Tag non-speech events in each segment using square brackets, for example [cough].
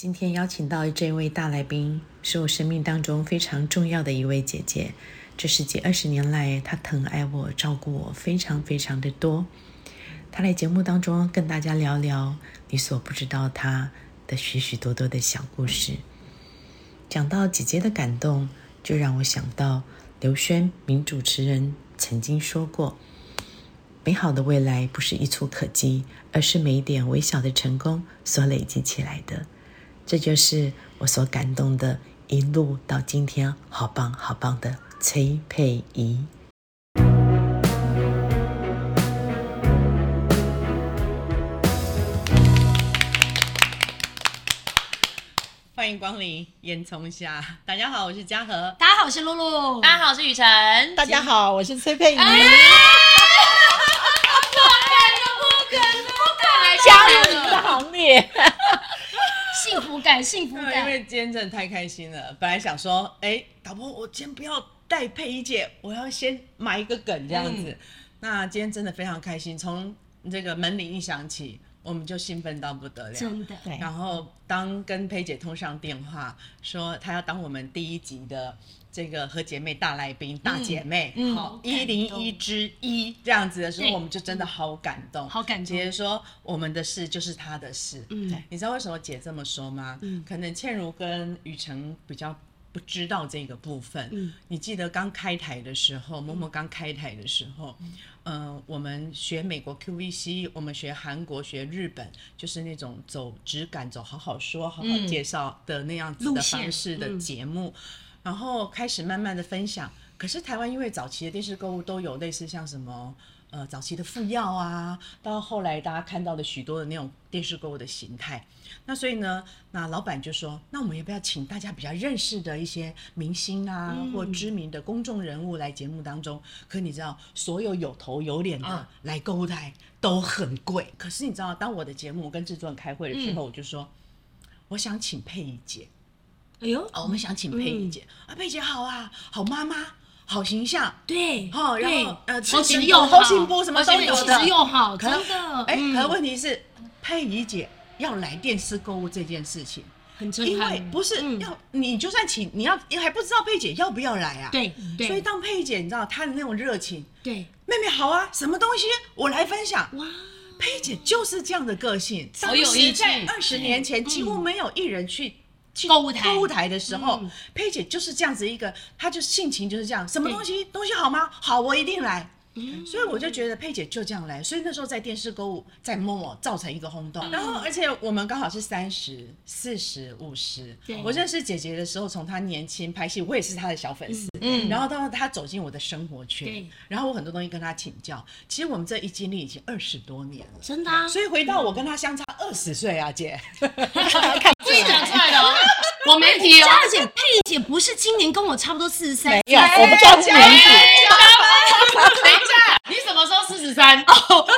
今天邀請到這位大來賓，是我生命當中非常重要的一位姐姐。這是近二十年來，她疼愛我、照顧我，非常非常的多。她來節目當中跟大家聊聊你所不知道她的許許多多的小故事。講到姐姐的感動，就讓我想到劉軒名主持人曾經說過：“美好的未來不是一蹴可及，而是每一點微小的成功所累積起來的。”這就是我所感動的，一路到今天，好棒好棒的崔佩儀。歡迎光臨煙囪下。大家好，我是嘉禾。大家好，我是露露。大家好，我是雨辰。佳大家好，我是崔佩儀。不敢，不敢，不敢來加入你的行列。 [laughs] 幸福感，幸福感。因為今天真的太開心了，本來想說，哎、欸，老婆，我今天不要帶佩儀姐，我要先買一個梗這樣子。嗯、那今天真的非常開心，從這個門鈴一響起，我們就興奮到不得了。真的，對。然後當跟佩姐通上電話，說她要當我們第一集的。這個和姐妹大來賓大姐妹，好一零一之一這樣子的時候，我們就真的好感動。好感動，姐說我們的事就是她的事。嗯，你知道為什麼姐這麼說嗎？可能倩如跟雨晨比較不知道這個部分。嗯，你記得剛開台的時候，默默剛開台的時候，嗯，我們學美國 QVC，我們學韓國學日本，就是那種走質感走好好說好好介紹的那樣子的方式的節目。然後開始慢慢的分享，可是台灣因為早期的電視購物都有類似像什麼，呃，早期的婦幼啊，到後來大家看到了許多的那種電視購物的形態，那所以呢，那老闆就說，那我們要不要請大家比較認識的一些明星啊，嗯、或知名的公眾人物來節目當中？可你知道，所有有頭有臉的來購物台都很貴，啊、可是你知道，當我的節目跟制作人開會的時候，嗯、我就說，我想請佩儀姐。哎呦，我們想請佩儀姐啊，佩姐好啊，好媽媽，好形象，對，哈，然後呃，好實用，好新播，什麼都有的，實好，真的。哎，可是問題是，佩儀姐要來電視購物這件事情，很震撼，因為不是要你就算請你要，你還不知道佩姐要不要來啊？對，所以當佩姐，你知道她的那種熱情，對，妹妹好啊，什麼東西我來分享哇，佩姐就是這樣的個性，所有意在二十年前，幾乎沒有藝人去。去購物台購物台的時候，佩姐，就是這樣子一個，她就性情就是這樣，什麼東西東西好嗎？好，我一定來。所以我就覺得佩姐就這樣來。所以那時候在電視購物，在摸摸造成一個轟動。然後而且我們剛好是三十、四十、五十。我認識姐姐的時候，從她年輕拍戲，我也是她的小粉絲。然後當時她走進我的生活圈，然後我很多東西跟她請教。其實我們這一經歷已經二十多年了，真的。所以回到我跟她相差二十歲啊，姐。講出來的，對 [laughs] 我沒提哦。佳姐、 [laughs] 佩姐不是今年跟我差不多四十三？沒有、 [laughs] 欸，我不叫出名字。誰在、欸？ [laughs] 下 [laughs] 你什麼時候四十三？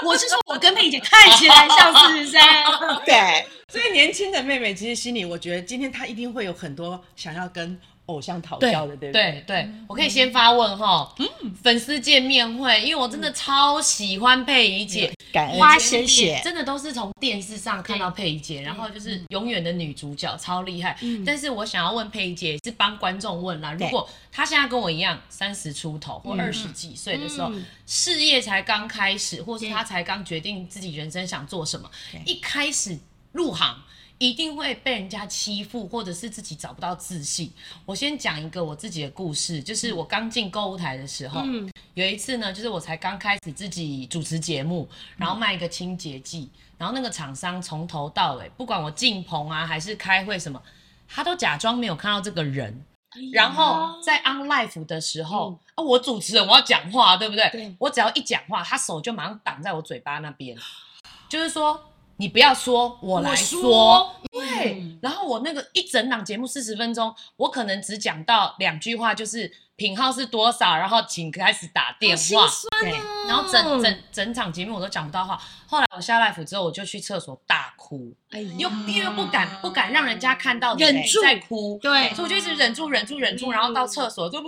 我是說，我跟佩姐看起來像四十三。 [laughs] [laughs] [laughs] 對，所以年輕的妹妹其實心裡，我覺得今天她一定會有很多想要跟。偶像討教的，對不對，對對，我可以先發問哈。嗯，粉絲見面會，因為我真的超喜歡佩儀姐，花心血，真的都是從電視上看到佩儀姐，然後就是永遠的女主角，超厲害。但是我想要問佩儀姐，是幫觀眾問啦。如果她現在跟我一樣三十出頭或二十幾歲的時候，事業才剛開始，或是她才剛決定自己人生想做什麼，一開始入行，一定會被人家欺負，或者是自己找不到自信。我先講一個我自己的故事，就是我剛進購物台的時候，有一次呢，就是我才剛開始自己主持節目，然後賣一個清潔劑，然後那個廠商從頭到尾，不管我進棚啊還是開會什麼，他都假裝沒有看到這個人。然後在 on live 的時候，啊，我主持人我要講話，啊，對不對？我只要一講話，他手就馬上擋在我嘴巴那邊，就是說。你不要說，我來說。說，對，嗯、然後我那個一整檔節目四十分鐘，我可能只講到兩句話，就是品號是多少，然後請開始打電話。哦、對，然後整整整、整場節目我都講不到話。後來我下 Live 之後，我就去廁所大哭，哎、呀又因又不敢不敢讓人家看到你在住哭，對，所以我就一直忍住忍住忍住，然後到廁所就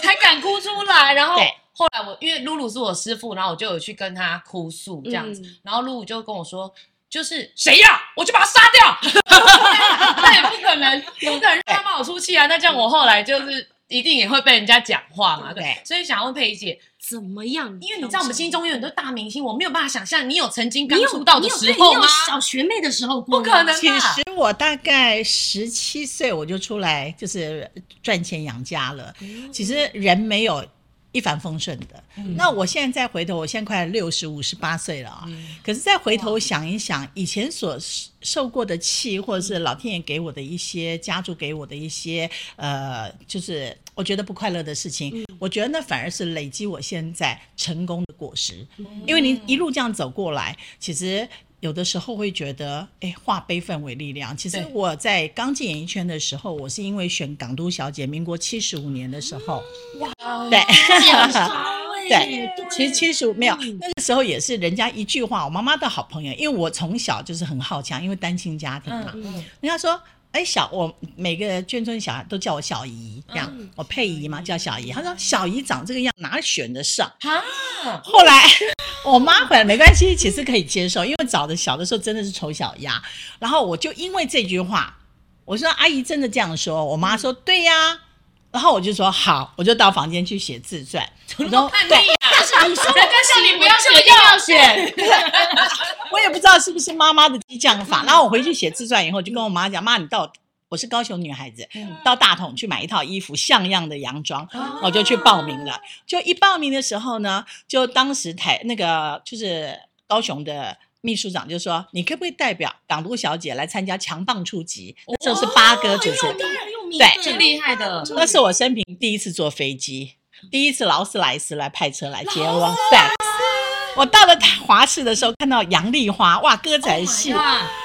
才敢哭出來，然後。後來我因為露露是我師父，然後我就有去跟他哭訴這樣子，嗯、然後露露就跟我說：“就是誰呀？我就把他殺掉。”那 [laughs] [laughs] [laughs] 也不可能，有個人幫我出氣啊！對那這樣我後來就是一定也會被人家講話嘛。對，所以想問佩儀姐怎麼樣？因為你知道我們心中有很多大明星，有我沒有辦法想象你有曾經剛出道的時候嗎？小學妹的時候不可能、啊、其實我大概十七歲我就出來就是賺錢養家了。哦、其實人沒有。一帆風順的，嗯、那我現在再回頭，我現在快六十、五十八歲了啊。嗯、可是再回頭想一想，哇以前所受過的氣，或者是老天爺給我的一些、嗯、家族給我的一些，呃，就是我覺得不快樂的事情，嗯、我覺得那反而是累積我現在成功的果實，嗯、因為你一路這樣走過來，其實。有的時候會覺得，哎，化悲憤為力量。其實我在剛進演藝圈的時候，對我是因為選港都小姐，民國七十五年的時候，嗯、哇，哇對，哇對，其實七十五沒有，那個時候也是人家一句話，我媽媽的好朋友，因為我從小就是很好強，因為單親家庭嘛，嗯、人家說。哎，小我每個眷村小孩都叫我小姨，這樣我佩、嗯、儀嘛叫小姨。他說，小姨長這個樣，哪選得上？好，哈後來我媽回來，沒關係，其實可以接受，因為找的小的時候真的是醜小鴨。嗯、然後我就因為這句話，我說阿姨真的這樣說，我媽說、嗯、對呀、啊。然後我就說好，我就到房間去寫自傳，從中 [laughs] 你說我說：“我跟上你，不要選，要選。” [laughs] 我也不知道是不是媽媽的激將法。然後我回去寫自傳以後，就跟我媽講：“媽，你到我是高雄女孩子，到大統去買一套衣服像樣的洋裝，我就去報名了。”就一報名的時候呢，就當時台那個就是高雄的秘書長就說：“你可不可以代表港都小姐來參加強棒出擊？”那時候是八哥主持、哦，對，最厲害的。那是我生平第一次坐飛機。第一次勞斯萊斯來,來派車來接我，師我到了華視的時候，看到楊麗花，哇，歌仔戲，oh、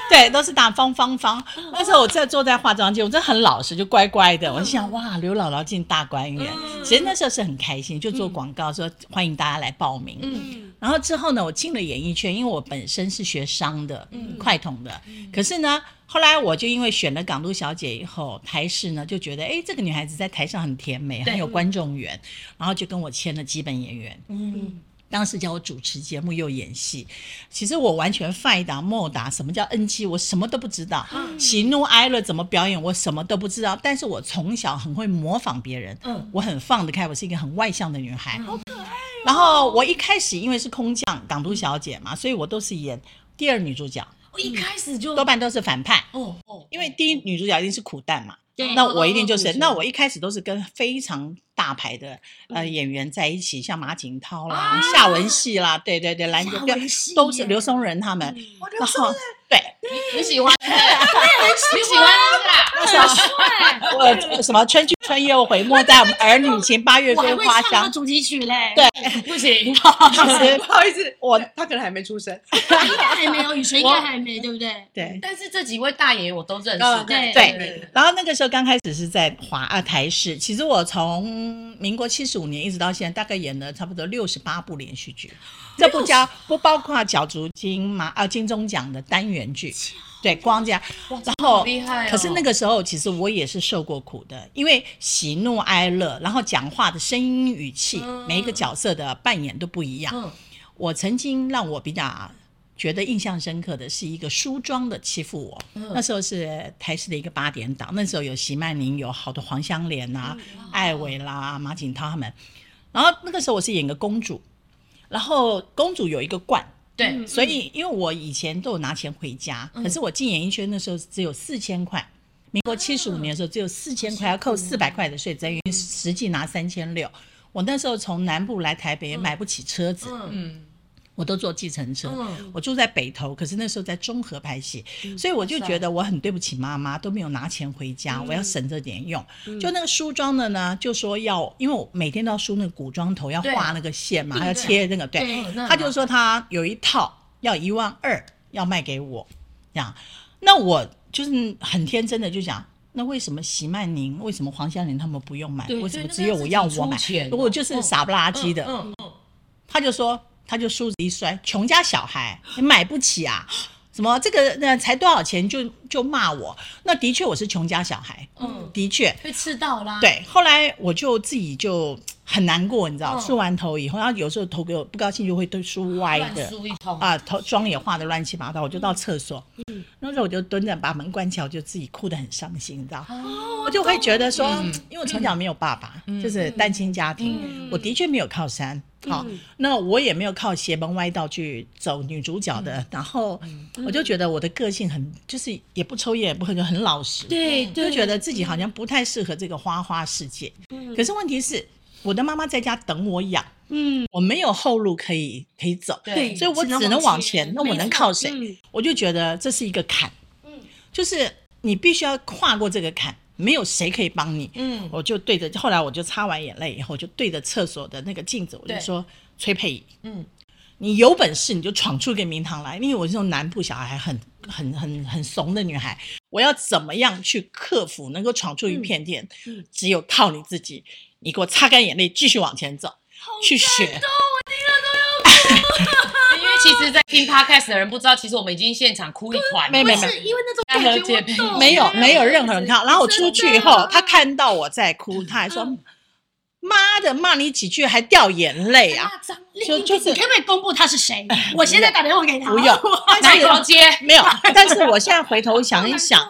對，都是大方方方。Oh. 那時候我在坐在化妝間，我真的很老實，就乖乖的。我就想，oh. 哇，劉姥姥進大觀園，oh. 其實那時候是很開心，就做廣告說、mm. 歡迎大家來報名。Mm. 然後之後呢，我進了演藝圈，因為我本身是學商的，mm. 快通的，mm. 可是呢。後來我就因為選了港都小姐以後，台視呢就覺得，哎，這個女孩子在台上很甜美，對很有觀眾緣，嗯、然後就跟我簽了基本演員。嗯，當時叫我主持節目又演戲，其實我完全 fight 啊、mode 啊、什麼叫 NG，我什麼都不知道。嗯，喜怒哀樂怎麼表演，我什麼都不知道。但是我從小很會模仿別人，嗯，我很放得開，我是一個很外向的女孩。好可愛。然後我一開始因為是空降港都小姐嘛，嗯、所以我都是演第二女主角。我一開始就多半都是反派。哦，哦哦，因為第一女主角一定是苦旦嘛，對那我一定就是，哦哦哦。那我一開始都是跟非常大牌的、嗯、呃演員在一起，像馬景濤啦、啊、夏文汐啦，對對對，藍潔瑛都是劉松仁他們，嗯、然後對。你喜歡，你喜歡啊！帥我什麼春去春又回，沒在我們兒女情，八月桂花香。我還主題曲嘞，對，不行，不好意思，不好意思，我他可能還沒出生，他應該還沒有，雨水應該還沒，對不對？對。但是這幾位大爺我都認識的。對。然後那個時候剛開始是在華啊台視，其實我從民國七十五年一直到現在，大概演了差不多六十八部連續劇。這不叫，不包括角逐金馬、啊，金鐘獎的單元劇， [laughs] 對，光這樣。這哦、然後，可是那個時候，其實我也是受過苦的，因為喜怒哀樂，嗯、然後講話的聲音語氣，嗯、每一個角色的扮演都不一樣。嗯、我曾經讓我比較覺得印象深刻的是一個梳妝的欺負我，嗯、那時候是台視的一個八點檔，那時候有席曼寧，有好多黃香蓮啊、嗯、艾薇啦、馬景濤他們，然後那個時候我是演個公主。然後公主有一個冠，對，所以因為我以前都有拿錢回家，嗯、可是我進演藝圈那時候只有四千塊，嗯、民國七十五年的時候只有四千塊，哦、要扣四百塊的稅，等於、嗯、實際拿三千六。我那時候從南部來台北，也買不起車子。嗯。嗯嗯我都坐計程車，我住在北投，可是那時候在中和拍戲，所以我就覺得我很對不起媽媽，都沒有拿錢回家，我要省着點用。就那個梳妝的呢，就說要，因為我每天都要梳那個古裝頭，要畫那個線嘛，還要切那個對。他就說他有一套要一萬二，要賣給我，這樣。那我就是很天真的就想，那為什麼席曼寧、為什麼黃香寧他們不用買，為什麼只有我要我買？我就是傻不拉嘰的。他就說。他就梳子一摔，窮家小孩，你買不起啊！什麼這個那才多少錢，就就罵我。那的確我是窮家小孩，的確被刺到啦。對，後來我就自己就很難過，你知道，梳完頭以後，然後有時候頭給我不高興就會都梳歪的，梳一頭啊，頭妝也化的亂七八糟。我就到廁所，那時候我就蹲着，把門關起來，我就自己哭得很傷心，你知道。哦，我就會覺得說，因為我從小沒有爸爸，就是單親家庭，我的確沒有靠山。好、哦，那我也沒有靠邪門歪道去走女主角的。嗯、然後我就覺得我的個性很，嗯、就是也不抽菸，也不很，很老實，對，就覺得自己好像不太適合這個花花世界。嗯、可是問題是，我的媽媽在家等我養，嗯，我沒有後路可以可以走，對，所以我只能往前。那我能靠誰？嗯、我就覺得這是一個坎，嗯，就是你必須要跨過這個坎。沒有誰可以幫你，嗯，我就對着，後來我就擦完眼淚以後，我就對着廁所的那個鏡子，我就說，對崔佩儀，嗯，你有本事你就闖出個名堂來，因為我這種南部小孩很很很很慫的女孩，我要怎麼樣去克服，能夠闖出一片天，嗯、只有靠你自己，你給我擦乾眼淚，繼續往前走，去學。一直在聽 Podcast 的人不知道，其實我們已經現場哭一團。沒有，沒有任何人看。然後我出去以後，他看到我在哭，他還說：“媽的，罵你幾句還掉眼淚啊！”就就是，你可不可以公布他是誰？我現在打電話給他，不用，他裝接，沒有。但是我現在回頭想一想，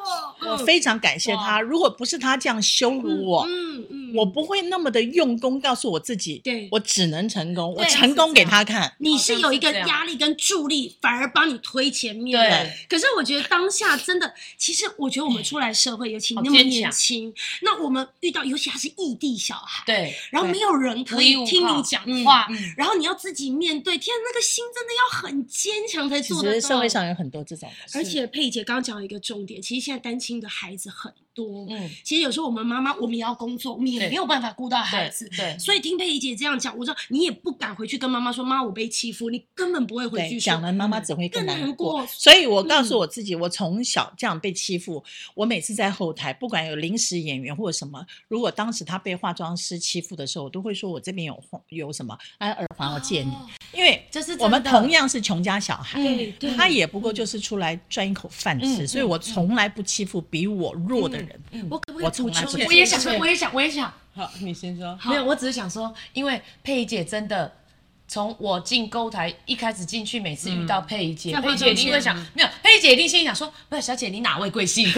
我非常感謝他，如果不是他這樣羞辱我，嗯。我不會那麼的用功，告訴我自己，對，我只能成功，我成功給他看。你是有一個壓力跟助力，反而幫你推前面。對，可是我覺得當下真的，其實我覺得我們出來社會，尤其那麼年輕，那我們遇到，尤其還是異地小孩，對，然後沒有人可以聽你講話，然後你要自己面對，天，那個心真的要很堅強才做得到。我覺得社會上有很多這種，而且佩姐剛講了一個重點，其實現在單親的孩子很。多嗯，其實有時候我們媽媽，我們也要工作，我們也沒有辦法顧到孩子，對，對對所以聽佩儀姐這樣講，我說你也不敢回去跟媽媽說，媽，我被欺負，你根本不會回去講的，媽媽只會更難、嗯、過。所以我告訴我自己，嗯、我從小這樣被欺負，我每次在後台，不管有臨時演員或者什麼，如果當時他被化妝師欺負的時候，我都會說我這邊有有什麼，哎，耳環我借你，哦、因為這是我們同樣是窮家小孩，嗯、他也不過就是出來賺一口飯吃，嗯、所以我從來不欺負比我弱的人、嗯。嗯嗯人嗯，我可不可不以可不可以我我我也想說是是我也想，我也想，我也想。好，你先說。好沒有，我只是想說，因為佩姐真的。從我進購物台，一開始進去，每次遇到佩儀姐，嗯、佩儀姐一定會想，沒有，佩儀姐一定心裡想說，不是小姐，你哪位貴姓？每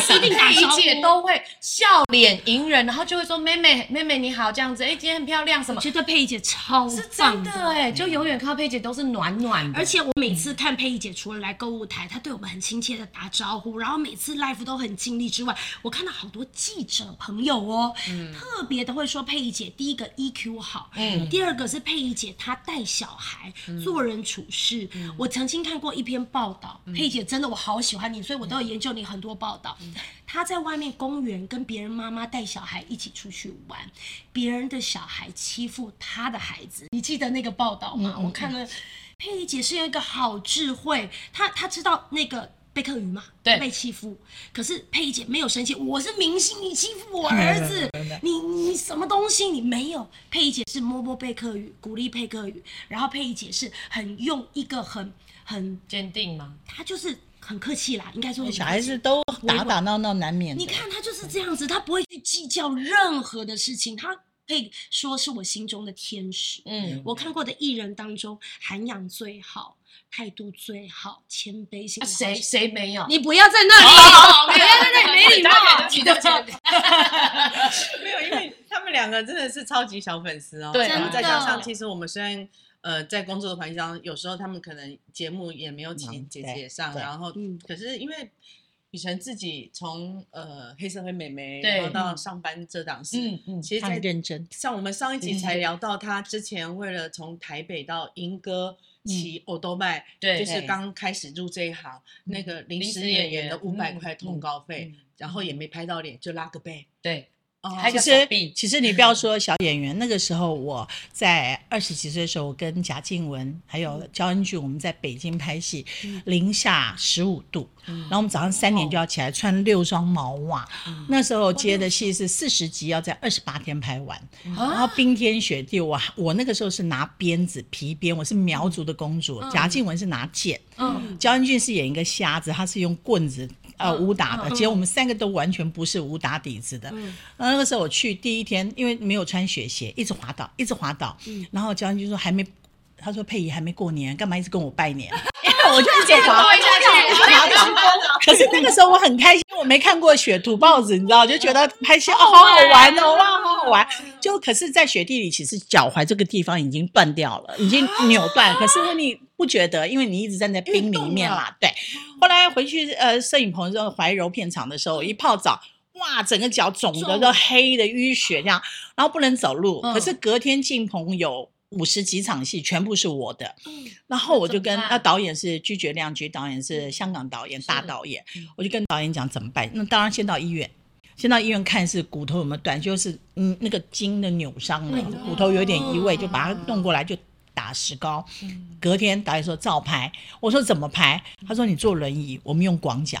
次 [laughs] [laughs] 佩儀姐都會笑臉迎人，然後就會說，妹妹，妹妹你好，這樣子，哎、欸，今天很漂亮，什麼？我覺得佩儀姐超是真的哎、欸，就永遠靠佩儀姐都是暖暖的。而且我每次看佩儀姐除了來購物台，她對我們很親切的打招呼，然後每次 live 都很盡力之外，我看到好多記者朋友哦、喔，嗯、特別的會說佩儀姐，第一個 EQ 好，嗯、第二個是佩儀姐。他帶小孩、嗯、做人處事，嗯、我曾經看過一篇報道，嗯、佩儀姐真的我好喜歡你，所以我都有研究你很多報道。他、嗯、在外面公園跟別人媽媽帶小孩一起出去玩，別人的小孩欺負他的孩子，你記得那個報道嗎？嗯嗯、我看了，佩儀姐是有一個好智慧，她她知道那個。貝克宇嘛，對被欺負，可是佩儀姐沒有生氣。我是明星，你欺負我兒子， [laughs] 你你什麼東西？你沒有。佩儀姐是摸摸貝克宇，鼓勵貝克宇，然後佩儀姐是很用一個很很堅定嗎？她就是很客氣啦，應該說小孩子都打打鬧鬧難免。你看她就是這樣子，嗯、她不會去計較任何的事情，她。可以說是我心中的天使。嗯，我看過的藝人當中，涵養最好，態度最好，謙卑心。誰誰沒有？你不要在那裡，不要在那裡沒禮貌。對，沒有，因為他們兩個真的是超級小粉絲哦。對，再加上其實我們雖然呃在工作的環境當中，有時候他們可能節目也沒有請姐姐上，然後可是因為。以前自己從呃黑澀會美眉，對然後到上班這檔事，嗯嗯，其實他、嗯嗯、很認真，像我們上一集才聊到，她之前為了從台北到鶯歌騎歐兜邁，對，就是剛開始入這一行，嗯、那個臨時演員的五百塊通告費，嗯嗯嗯、然後也沒拍到臉，就拉個背，對。其實，其實你不要說小演員。那個時候我在二十幾歲的時候，我跟賈靜雯還有焦恩俊，我們在北京拍戲，零下十五度，然後我們早上三點就要起來，穿六雙毛襪。那時候接的戲是四十集，要在二十八天拍完，然後冰天雪地，我我那個時候是拿鞭子皮鞭，我是苗族的公主，賈靜雯是拿劍，焦恩俊是演一個瞎子，他是用棍子。呃，武打的，結果，哦哦、我們三個都完全不是武打底子的。嗯，然後那個時候我去第一天，因為沒有穿雪鞋，一直滑倒，一直滑倒。嗯，然後教練就說還沒，他說佩儀還沒過年，幹嘛一直跟我拜年？嗯 [laughs] 我就直接滑下去，直接滑倒。可是那個時候我很開心，我沒看過雪，土包子，你知道，就覺得拍戲哦，好好玩哦，哇，好好玩。就可是，在雪地裡，其實腳踝這個地方已經斷掉了，已經扭斷。可是你不覺得？因為你一直站在冰裡面嘛，對。後來回去呃，攝影棚在懷柔片場的時候，一泡澡，哇，整個腳腫的都黑的淤血這樣，然後不能走路。可是隔天進朋友。五十幾場戲全部是我的，嗯、然後我就跟那導演是鞠覺亮，鞠導演是香港導演、嗯、大導演，是我就跟導演講怎麼辦？那當然先到醫院，先到醫院看是骨頭有沒有斷，就是嗯那個筋的扭傷了，嗯、骨頭有點移位，哦、就把它弄過來就打石膏。嗯、隔天導演說照拍，我說怎麼拍？他說你坐輪椅，我們用廣角，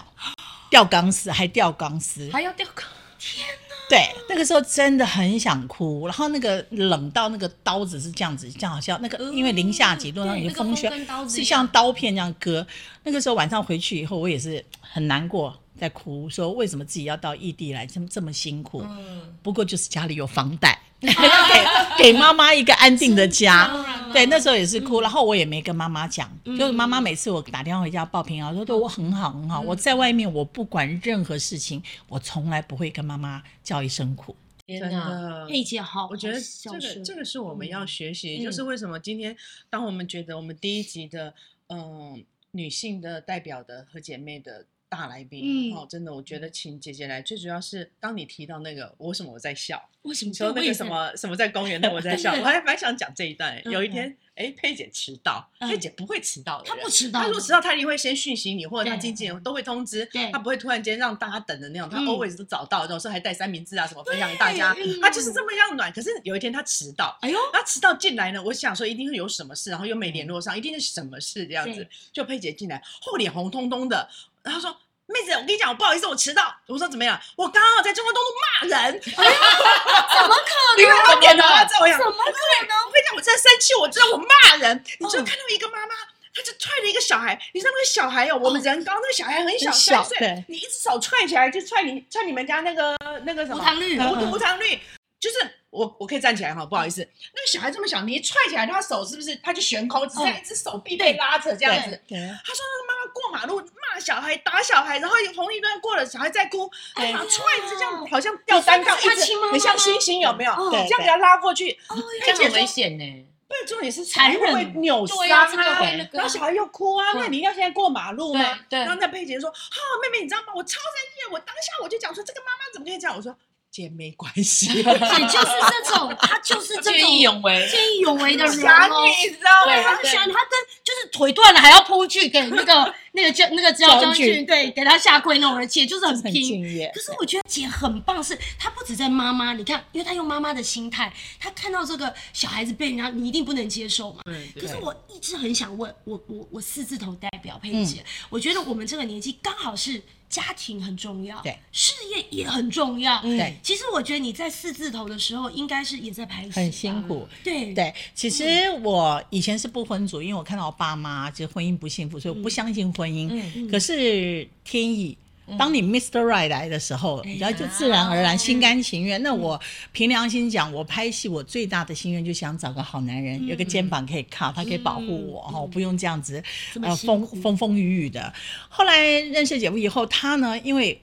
吊鋼絲，還吊鋼絲，還要吊鋼天。對，那個時候真的很想哭，然後那個冷到那個刀子是這樣子，這樣好像那個、嗯、因為零下幾度，嗯、那個風雪是像刀片這樣割。那個時候晚上回去以後，我也是很難過，在哭，說為什麼自己要到異地來，這麼這麼辛苦。嗯、不過就是家裡有房貸。 [laughs] 給給媽媽一個安定的家， [laughs] 對，那時候也是哭，嗯、然後我也沒跟媽媽講。嗯、就是媽媽每次我打電話回家報平安，我說對、嗯、我很好很好，嗯、我在外面我不管任何事情，我從來不會跟媽媽叫一聲苦。真的哪，佩姐好。哪我覺得這個這個是我們要學習，嗯、就是為什麼今天當我們覺得我們第一集的嗯、呃、女性的代表的和姐妹的。大來賓哦，真的，我覺得請姐姐來最主要是，當你提到那個，為什麼我在笑？為什麼說那個什麼什麼在公園，那我在笑？我還蠻想講這一段。有一天，哎，佩姐遲到，佩姐不會遲到的。她不遲到，她如果遲到，她一定會先訊息你，或者她經紀人都會通知。她不會突然間讓大家等的那種。她 always 都找到，有時候還帶三明治啊什麼分享給大家。她就是這麼樣暖。可是有一天她遲到，哎呦，她遲到進來呢，我想說一定是有什麼事，然後又沒聯絡上，一定是什麼事這樣子。就佩姐進來，後臉紅彤彤的。然後說，妹子，我跟你講，我不好意思，我遲到。我說怎麼樣？我剛剛在中華東路罵人。怎麼可能？你為我點頭啊？怎麼樣？怎麼會呢？我在生氣？我知道我罵人？你知道看到一個媽媽，她就踹了一個小孩。你知道那個小孩哦，我們人剛那個小孩很小，三歲。你一隻手踹起來就踹你踹你們家那個那個什麼？無糖綠，無糖綠。就是我，我可以站起來哈，不好意思。那個小孩這麼小，你一踹起來，他手是不是他就懸空，只剩一只手臂被拉着這樣子？他說：“那個媽媽過馬路罵小孩，打小孩，然後同一段過了，小孩在哭，拿踹這樣，好像吊單槓，他親媽很像猩猩有沒有這樣給他拉過去？這樣很危險呢，被重也是才會扭傷，然後小孩又哭啊！那你要現在過馬路嗎？然後那佩姐說：哈，妹妹，你知道嗎？我超生氣，我當下我就講說，這個媽媽怎麼可以這樣？我說。”姐沒關係，姐就是這種，她就是這種見義勇為、見義勇為的人哦，你知道沒？對，他是選他跟就是腿斷了還要撲去給那個那個叫那個將軍，對，給她下跪那種，而且就是很拼。可是我覺得姐很棒，是她不只在媽媽，你看，因為她用媽媽的心態，她看到這個小孩子被人家，你一定不能接受嘛。可是我一直很想問，我我我四字頭代表佩姐，我覺得我們這個年紀剛好是。家庭很重要，對，事業也很重要，對、嗯。其實我覺得你在四字頭的時候，應該是也在排很辛苦。對對，對嗯、其實我以前是不婚族，因為我看到我爸媽，其實婚姻不幸福，所以我不相信婚姻。嗯。可是天意。嗯嗯當你 Mr. Right 來的時候，然後就自然而然心甘情願。那我憑良心講，我拍戲我最大的心願就想找個好男人，有個肩膀可以靠，他可以保護我，哈，我不用這樣子，呃，風風風雨雨的。後來認識姐夫以後，他呢，因為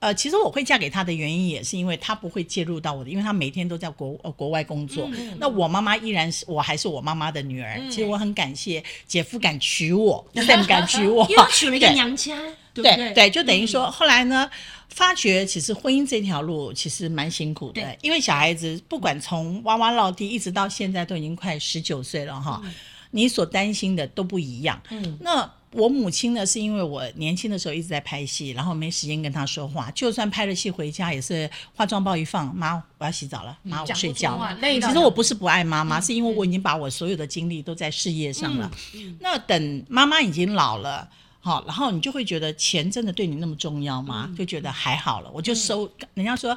呃，其實我會嫁給他的原因也是因為他不會介入到我的，因為他每天都在國呃國外工作。那我媽媽依然是我還是我媽媽的女兒。其實我很感謝姐夫敢娶我，但他敢娶我，因為娶了一個娘家。對對，對，對，就等於說，對對後來呢，發覺其實婚姻這條路其實蠻辛苦的，對因為小孩子不管從娃娃落地一直到現在，都已經快十九歲了哈。嗯、你所擔心的都不一樣。嗯，那我母親呢，是因為我年輕的時候一直在拍戲，然後沒時間跟她說話。就算拍了戲回家，也是化妝包一放，媽我要洗澡了，媽我睡覺。嗯、累，其實我不是不愛媽媽，嗯、是因為我已經把我所有的精力都在事業上了。嗯嗯、那等媽媽已經老了。好，然後你就會覺得錢真的對你那麼重要嗎？嗯、就覺得還好了，我就收。嗯、人家說，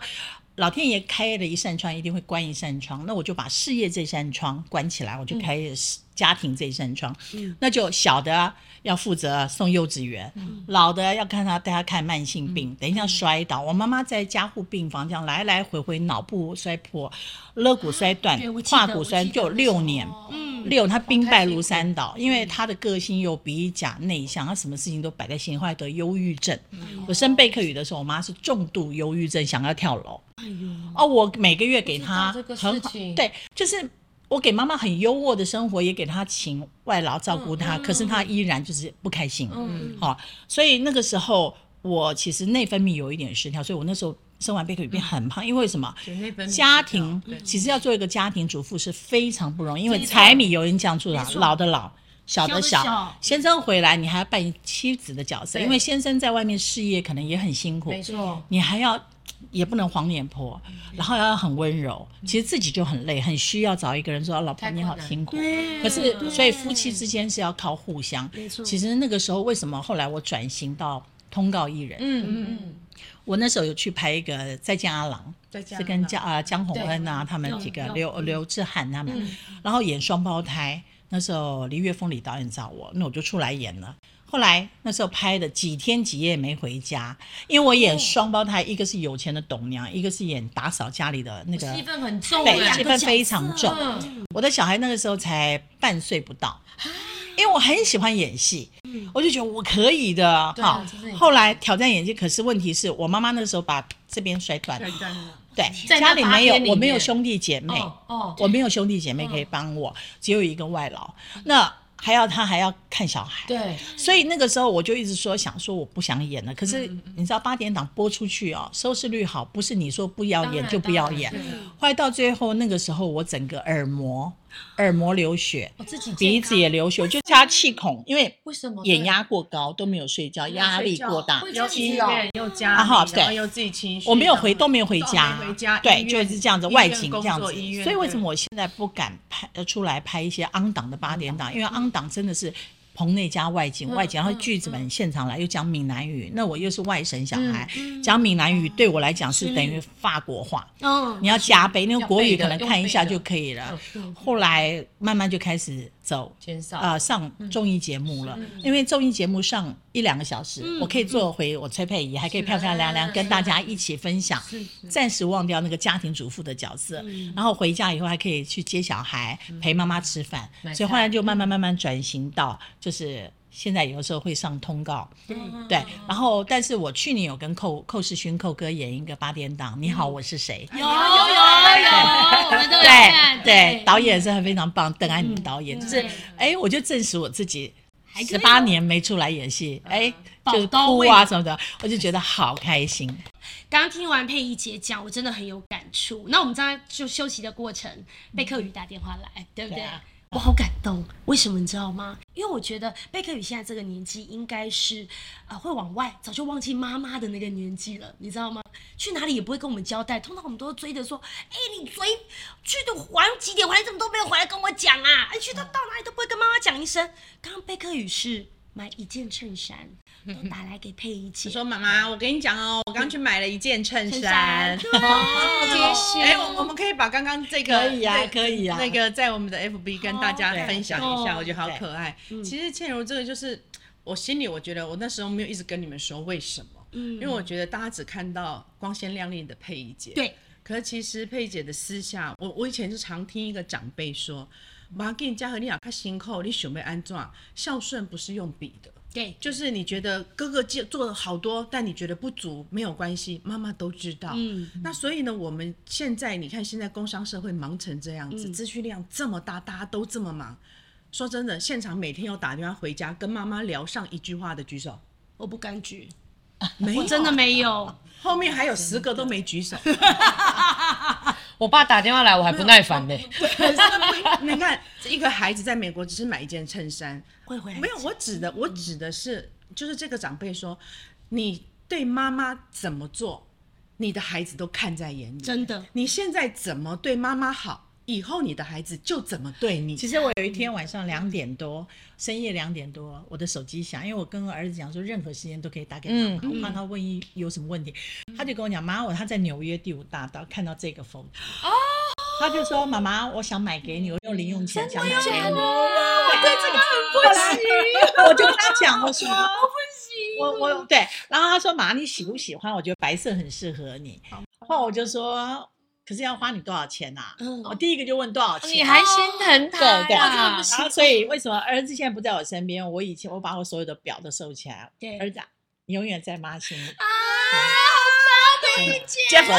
老天爺開了一扇窗，一定會關一扇窗。那我就把事業這扇窗關起來，我就開始。嗯家庭這一扇窗，那就小的要負責送幼稚園，老的要看他帶他看慢性病，等一下摔倒。我媽媽在加護病房這樣來來回回，腦部摔破，肋骨摔斷，胯骨摔就六年。嗯，六，她兵敗如山倒，因為她的個性又比較內向，她什麼事情都擺在心裡，後來得憂鬱症。我生貝克宇的時候，我媽是重度憂鬱症，想要跳樓。哎呦，哦，我每個月給她很好，對，就是。我給媽媽很優渥的生活，也給她請外勞照顧她，嗯、可是她依然就是不開心。嗯，好、嗯哦，所以那個時候我其實內分泌有一點失調，所以我那時候生完 baby 變很胖，因為什麼？家庭對其實要做一個家庭主婦是非常不容易，因為柴米油鹽醬醋茶，錯老的老，小的小，小的小，先生回來你還要扮演妻子的角色，對因為先生在外面事業可能也很辛苦，沒錯，你還要。也不能黃臉婆，然後要很溫柔，其實自己就很累，很需要找一個人說：“老婆，你好辛苦。”可是，所以夫妻之間是要靠互相。其實那個時候為什麼後來我轉型到通告藝人？嗯嗯我那時候有去拍一個《再見阿郎》，是跟江啊江宏恩啊他們幾個劉劉志翰他們，然後演雙胞胎。那時候李岳峰李導演找我，那我就出來演了。後來那時候拍的幾天幾夜沒回家，因為我演雙胞胎，一個是有錢的董娘，一個是演打掃家裡的那個。氣氛很重。氣氛非常重。我的小孩那個時候才半歲不到，因為我很喜歡演戲，我就覺得我可以的哈。後來挑戰演技，可是問題是我媽媽那時候把這邊摔斷了，對，家裡沒有，我沒有兄弟姐妹，我沒有兄弟姐妹可以幫我，只有一個外勞。那。還要他還要看小孩，對，所以那個時候我就一直說，想說我不想演了。可是你知道八點檔播出去哦，收視率好，不是你說不要演就不要演，後來到最後那個時候我整個耳膜。耳膜流血，我自己鼻子也流血，我就加氣孔，因為為什麼眼壓過高，都沒有睡覺，壓力過大，有壓力，有，對，我沒有回，都沒有回家，對，就是這樣子，外景這樣子，所以為什麼我現在不敢拍出來拍一些 ON 檔的八點檔，因為 ON 檔真的是。棚內加外景，外景然後劇組們現場來又講閩南語，嗯嗯、那我又是外省小孩，講閩、嗯嗯、南語對我來講是等於法國話。嗯嗯、你要加倍，那個國語可能看一下就可以了。後來慢慢就開始。走，減少啊、呃！上綜藝節目了，嗯、因為綜藝節目上一兩個小時，嗯、我可以做回我崔佩儀，嗯、還可以漂漂亮亮跟大家一起分享，暫時忘掉那個家庭主婦的角色。嗯、然後回家以後還可以去接小孩，嗯、陪媽媽吃飯，買菜。所以後來就慢慢慢慢轉型到就是。現在有的時候會上通告，對，然後但是我去年有跟寇寇世勛寇哥演一個八點檔《你好，我是誰》，有有有有，我們都演。對對，導演是很非常棒，鄧安寧導演就是，哎，我就證實我自己十八年沒出來演戲，哎，就是哭啊什麼的，我就覺得好開心。剛聽完佩儀姐講，我真的很有感觸。那我們在就休息的過程，被客語打電話來，對不對？我好感動，為什麼你知道嗎？因為我覺得貝克宇現在這個年紀應該是，啊、呃，會往外早就忘記媽媽的那個年紀了，你知道嗎？去哪裡也不會跟我們交代，通常我們都追着說，哎、欸，你追去的還幾點，回來怎麼都沒有回來跟我講啊？哎，去到到哪裡都不會跟媽媽講一聲。剛剛貝克宇是買一件襯衫。打來給佩儀姐、嗯。我說媽媽，我跟你講哦、喔，我剛去買了一件襯衫。謝哎，我我們可以把剛剛這個可以啊，可以、啊、那個在我們的 FB、oh, 跟大家分享一下，對我覺得好可愛。對其實倩如這個就是我心裡，我覺得我那時候沒有一直跟你們說為什麼。嗯。因為我覺得大家只看到光鮮亮麗的佩儀姐。對。可是其實佩儀姐的私下，我我以前就常聽一個長輩說：，媽，你家和你啊，卡辛苦，你準備安怎？孝順不是用比的。對，就是你覺得哥哥做做了好多，但你覺得不足沒有關係，媽媽都知道。嗯，那所以呢，我們現在你看，現在工商社會忙成這樣子，資訊、嗯、量這麼大，大家都這麼忙。說真的，現場每天要打電話回家跟媽媽聊上一句話的舉手，我不敢舉，沒有，我真的沒有。後面還有十個都沒舉手。 [laughs] 我爸打電話來，我還不耐煩呢、欸。是是 [laughs] 你看，一個孩子在美國只是買一件襯衫，沒有。我指的，我指的是，嗯、就是這個長輩說，你對媽媽怎麼做，你的孩子都看在眼裡。真的，你現在怎麼對媽媽好？以後你的孩子就怎麼對你。其實我有一天晚上兩點多，深夜兩點多，我的手機響，因為我跟我兒子講說，任何時間都可以打給他，嗯，我怕他萬一有什麼問題，他就跟我講，媽，我，他在紐約第五大道看到這個風，哦，他就說，媽媽，我想買給你，我用零用錢想買給你，我，我對這個很不行，我就跟他講，我說不行，我我對，然後他說，媽，你喜不喜歡？我覺得白色很適合你，然後我就說，可是要花你多少錢啊？嗯，我第一個就問多少錢？哦、你還心疼他對對。然後，所以為什麼兒子現在不在我身邊？嗯、我以前我把我所有的表都收起來了。對，兒子永遠在媽心裡。啊。佩儀姐，姐夫，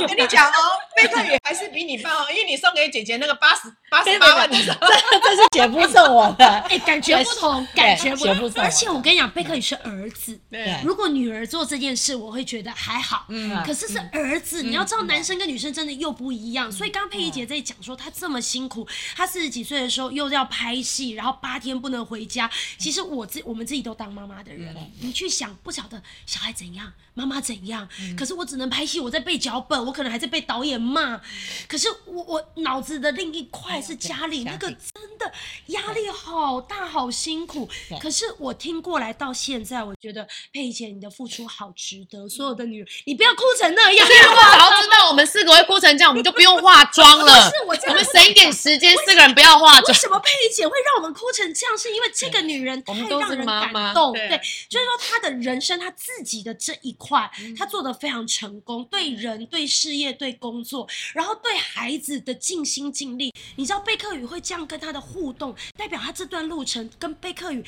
我跟你講哦，貝克也還是比你棒哦，因為你送給姐姐那個八十八十八萬，你知道嗎？這是姐夫送我的。哎，感覺不同，感覺不同。而且我跟你講，貝克也是兒子。如果女兒做這件事，我會覺得還好。嗯。可是是兒子，你要知道，男生跟女生真的又不一樣。所以剛佩儀姐在講說，她這麼辛苦，她四十幾歲的時候又要拍戲，然後八天不能回家。其實我自我們自己都當媽媽的人，你去想，不曉得小孩怎樣。媽媽怎樣？可是我只能拍戲，我在背腳本，我可能還在被導演罵。可是我我腦子的另一塊是家裡那個真的壓力好大，好辛苦。可是我聽過來到現在，我覺得佩姐你的付出好值得。所有的女人，你不要哭成那樣。如果早知道我們四個會哭成這樣，我們就不用化妝了。我們省一點時間，四個人不要化妝。為什麼佩姐會讓我們哭成這樣？是因為這個女人太讓人感動。我們都是媽媽。對，就是說她的人生，她自己的這一塊。嗯，他做得非常成功，對人、對事業、對工作，然後對孩子的盡心盡力。你知道貝克宇會這樣跟他的互動，代表他這段路程跟貝克宇。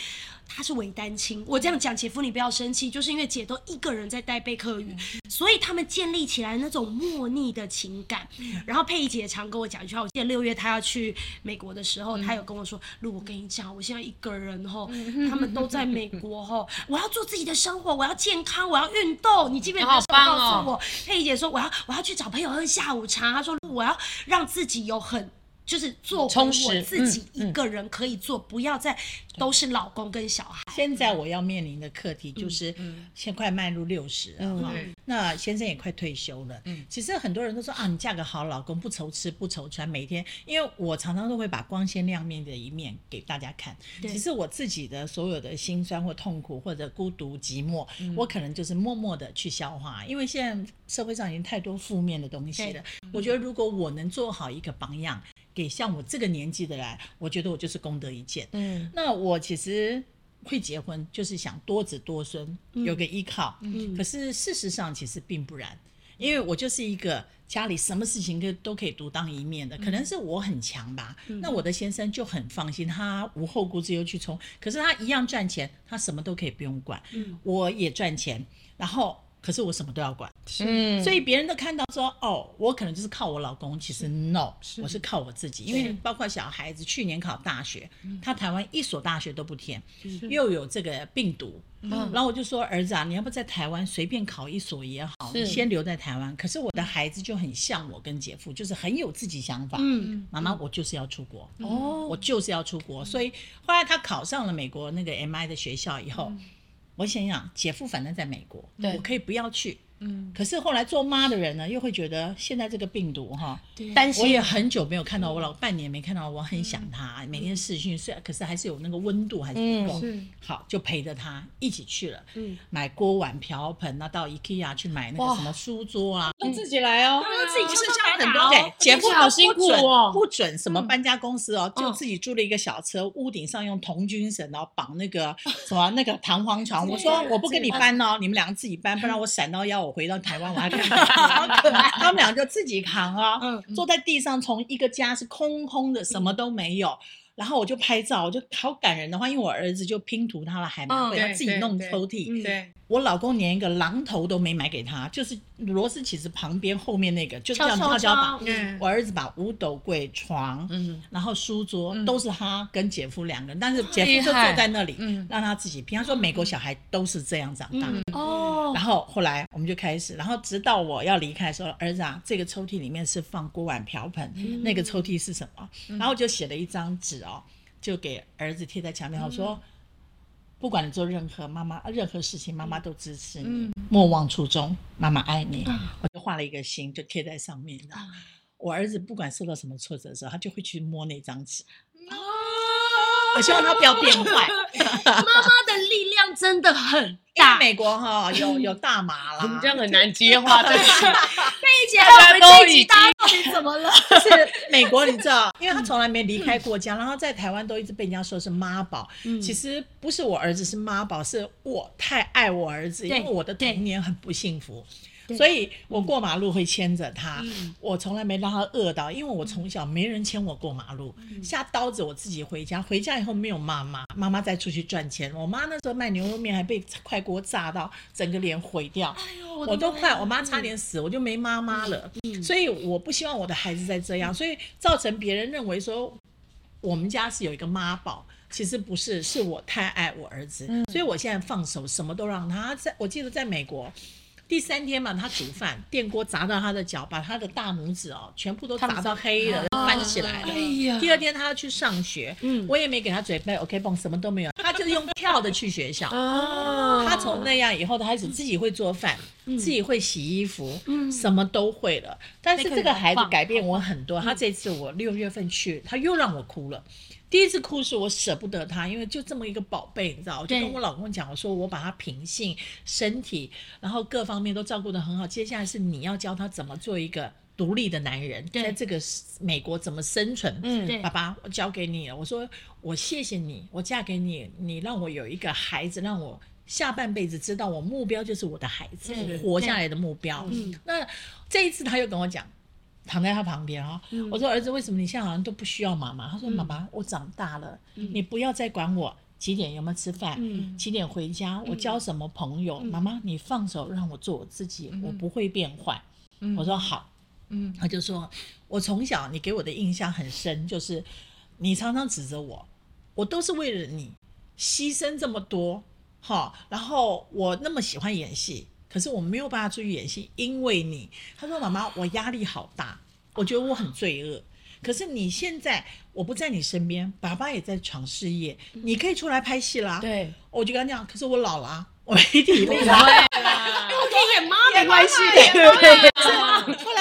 他是偽單親，我這樣講，姐夫你不要生氣，就是因為姐都一個人在帶貝克語、嗯、哼所以他們建立起來那種莫逆的情感。嗯、然後佩儀姐常跟我講一句話，我記得六月她要去美國的時候，嗯、她有跟我說：“路，我跟你講，我現在一個人哈，他們都在美國哈、哦，我要做自己的生活，我要健康，我要運動。”你記不記得那時候告訴我，哦、佩儀姐說：“我要我要去找朋友喝下午茶。”她說：“路，我要讓自己有很。”就是做從我自己一個人可以做，嗯嗯、以做不要再對都是老公跟小孩。現在我要面臨的課題就是，先快邁入六十了，吧嗯、那先生也快退休了。嗯，其實很多人都說啊，你嫁個好老公，不愁吃不愁穿，每天，因為我常常都會把光鮮亮麗的一面給大家看。對其實我自己的所有的辛酸或痛苦或者孤獨寂寞，嗯、我可能就是默默的去消化，因為現在社會上已經太多負面的東西了。對我覺得如果我能做好一個榜樣。給像我這個年紀的人，我覺得我就是功德一件。嗯，那我其實會結婚，就是想多子多孫，嗯、有個依靠。嗯，可是事實上其實並不然，因為我就是一個家裡什麼事情都都可以獨當一面的，嗯、可能是我很強吧。嗯、那我的先生就很放心，他無後顧之憂去衝。可是他一樣賺錢，他什麼都可以不用管。嗯，我也賺錢，然後。可是我什麼都要管，嗯，所以別人都看到說，哦，我可能就是靠我老公，其實 no，我是靠我自己，因為包括小孩子去年考大學，他台灣一所大學都不填，又有這個病毒，然後我就說，兒子啊，你要不在台灣隨便考一所也好，先留在台灣。可是我的孩子就很像我跟姐夫，就是很有自己想法，嗯，媽媽，我就是要出國，哦，我就是要出國，所以後來他考上了美國那個 MI 的學校以後。我想想，姐夫反正在美國，對我可以不要去。嗯，可是後來做媽的人呢，又會覺得現在這個病毒哈，擔心。我也很久沒有看到我老公，半年沒看到，我很想他，每天視訊雖然，可是還是有那個溫度還是不夠，好，就陪着他一起去了。嗯，買鍋碗瓢盆啊，到 IKEA 去買那個什麼書桌啊，都自己來哦，自己，就剩下很多對。姐夫好辛苦哦，不准什麼搬家公司哦，就自己租了一個小車，屋頂上用童軍繩然後綁那個什麼那個彈簧床。我說，我不跟你搬哦，你們兩個自己搬，不然我閃到腰。我回到台灣，我還看他們倆就自己扛啊，嗯、坐在地上，從一個家是空空的，嗯、什麼都沒有，然後我就拍照，我就好感人的話，因為我兒子就拼圖他了，還蠻會，哦、他自己弄抽屜，對。對，嗯，對我老公連一個榔頭都沒買給他，就是螺絲起子旁邊後面那個，就這樣他就要把。我兒子把五斗櫃、床，然後書桌都是他跟姐夫兩個人，但是姐夫就坐在那裡，讓他自己。比方說，美國小孩都是這樣長大的。哦。然後後來我們就開始，然後直到我要離開說：“兒子啊，這個抽屜裡面是放鍋碗瓢盆，那個抽屜是什麼？”然後我就寫了一張紙哦，就給兒子貼在牆壁我說。不管你做任何媽媽，任何事情，媽媽都支持你。嗯、莫忘初衷，媽媽愛你。啊、我就畫了一個心，就貼在上面了。我兒子不管受到什麼挫折的時候，他就會去摸那張紙。啊我希望他不要變壞。 [laughs] 媽媽的力量真的很大。美國哈、哦、有、嗯、有大麻啦，我們這樣很難接話。佩 [laughs] 姐，我們都已經都怎麼了？是美國，你知道，因為他從來沒離開過家，嗯、然後在台灣都一直被人家說是媽寶。嗯、其實不是我兒子是媽寶，是我太愛我兒子，對因為我的童年很不幸福。對所以我過馬路會牽着他，嗯、我從來沒讓他餓到，因為我從小沒人牽我過馬路，嗯、下刀子我自己回家，回家以後沒有媽媽，媽媽再出去賺錢。我媽那時候賣牛肉麵還被快鍋炸到整個臉毀掉，哎呦、我的媽媽，我都快，我媽差點死，嗯、我就沒媽媽了。嗯、所以我不希望我的孩子再這樣，嗯、所以造成別人認為說我們家是有一個媽寶，其實不是，是我太愛我兒子，嗯、所以我現在放手什麼都讓他在，在我記得在美國。第三天嘛，他煮飯，電鍋砸到他的腳，把他的大拇指哦，全部都砸到黑了，翻、哦、起來了。哎、呀第二天他要去上學，嗯、我也沒給他準備、嗯、OK 繃、bon，什麼都沒有，他就是用跳的去學校。哦、他從那樣以後，他開始自己會做飯，嗯、自己會洗衣服，嗯、什麼都會了。但是這個孩子改變我很多。他這次我六月份去，他又讓我哭了。第一次哭是我捨不得他，因為就這麼一個寶貝，你知道，我就跟我老公講，我說我把他品性、身體，然後各方面都照顧得很好。接下來是你要教他怎麼做一個獨立的男人，對在這個美國怎麼生存。嗯對，爸爸，我交給你了。我說我謝謝你，我嫁給你，你讓我有一個孩子，讓我下半輩子知道我目標就是我的孩子活下來的目標。嗯，那這一次他又跟我講。躺在他旁邊啊，嗯、我說兒子，為什麼你現在好像都不需要媽媽？他說、嗯、媽媽，我長大了，嗯、你不要再管我幾點有沒有吃飯，嗯、幾點回家，嗯、我交什麼朋友，媽媽你放手讓我做我自己，嗯、我不會變壞。嗯、我說好，嗯、他就說，我從小你給我的印象很深，就是你常常指責我，我都是為了你犧牲這麼多，好，然後我那麼喜歡演戲。可是我沒有辦法出去演戲，因為你，他說，媽媽我壓力好大，我覺得我很罪惡。可是你現在我不在你身邊，爸爸，也在闖事業，你可以出來拍戲啦。對，我就跟他講，可是我老了，我沒體力了。沒關係，沒關係。也媽媽也 [laughs]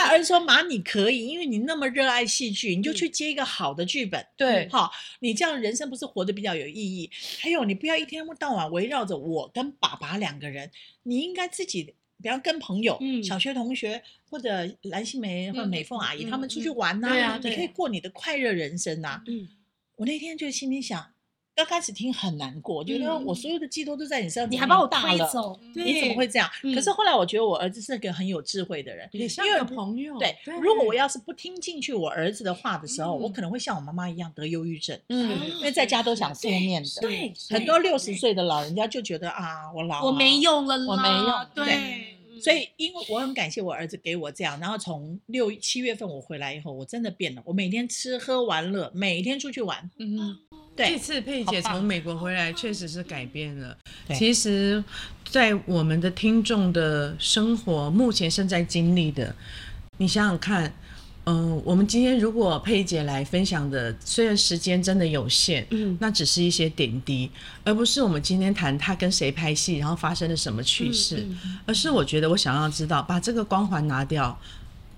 而是說，媽，你可以，因為你那麼熱愛戲劇，你就去接一個好的劇本，嗯、對，哈，你這樣人生不是活得比較有意義？還有，你不要一天到晚圍繞着我跟爸爸兩個人，你應該自己，比方跟朋友，嗯，小學同學或者藍心湄或美鳳阿姨、嗯、他們出去玩吶、啊，嗯嗯嗯啊、你可以過你的快樂人生吶、啊。嗯，我那天就心裡想。剛開始聽很難過，覺得我所有的寄托都在你身上，你還把我打走，你怎麼會這樣？可是後來我覺得我兒子是個很有智慧的人，因為朋友對，如果我要是不聽進去我兒子的話的時候，我可能會像我媽媽一樣得憂鬱症，因為在家都想負面的，對。很多六十歲的老人家就覺得啊，我老了，我沒用了，我沒用，對。所以，因為我很感謝我兒子給我這樣，然後從六七月份我回來以後，我真的變了。我每天吃喝玩樂，每天出去玩。嗯哼，對。這次佩姐從美國回來，確實是改變了。棒其實，在我們的聽眾的生活目前正在經歷的，你想想看。嗯，我們今天如果佩姐來分享的，雖然時間真的有限，嗯，那只是一些點滴，而不是我們今天談她跟誰拍戲，然後發生了什麼趣事，嗯嗯、而是我覺得我想要知道，把這個光環拿掉，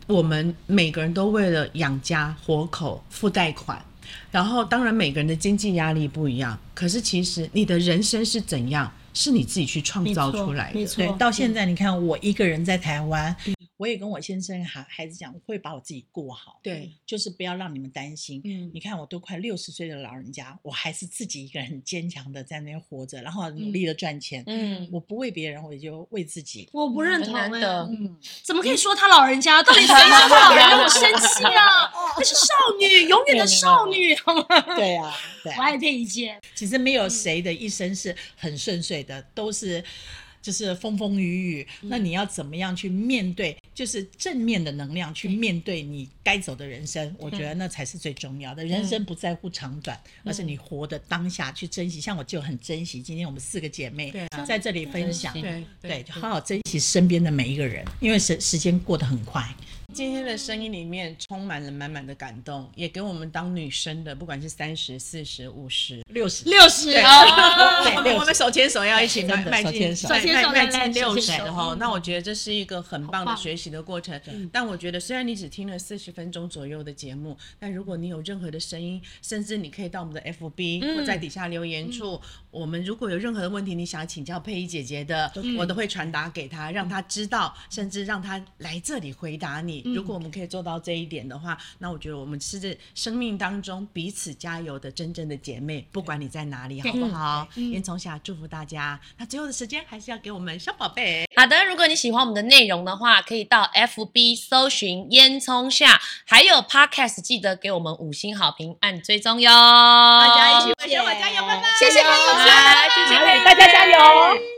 嗯、我們每個人都為了養家活口、付貸款，然後當然每個人的經濟壓力不一樣，可是其實你的人生是怎樣，是你自己去創造出來的。沒錯，對，嗯、到現在你看我一個人在台灣。嗯我也跟我先生孩子講，我會把我自己過好，對，就是不要讓你們擔心。嗯，你看我都快六十歲的老人家，我還是自己一個人很堅強的在那邊活着，然後努力的賺錢。嗯，我不為別人，我也就為自己。我不認同的，嗯，怎麼可以說他老人家？到底誰說的？我生氣啊！他是少女，永遠的少女，好嗎？對啊，我愛佩儀姐。其實沒有誰的一生是很順遂的，都是就是風風雨雨。那你要怎麼樣去面對？就是正面的能量去面對你該走的人生，我覺得那才是最重要的。人生不在乎長短，而是你活的當下去珍惜。像我就很珍惜今天我們四個姐妹在這裡分享，對，就好好珍惜身邊的每一個人，因為時時間過得很快。今天的聲音裡面充滿了滿滿的感動，也給我們當女生的，不管是三十四十五十六十六十，我們手牽手要一起邁邁進邁邁進六十的哈。那我覺得這是一個很棒的學習。的過程，但我覺得雖然你只聽了四十分鐘左右的節目，但如果你有任何的聲音，甚至你可以到我們的 FB、嗯、或在底下留言處，嗯、我們如果有任何的問題，你想要請教佩儀姐姐的，我都會傳達給她，讓她知道，嗯、甚至讓她來這裡回答你。嗯、如果我們可以做到這一點的話，那我覺得我們是這生命當中彼此加油的真正的姐妹，不管你在哪裡，對好不好？煙囪下祝福大家。那最後的時間還是要給我們小寶貝。好的，如果你喜歡我們的內容的話，可以到。到 FB 搜尋煙囪下，還有 Podcast，記得給我們五星好評，按追蹤喲。大家一起加油，加油耶，謝謝各位，啊、謝謝大家，大家加油。哎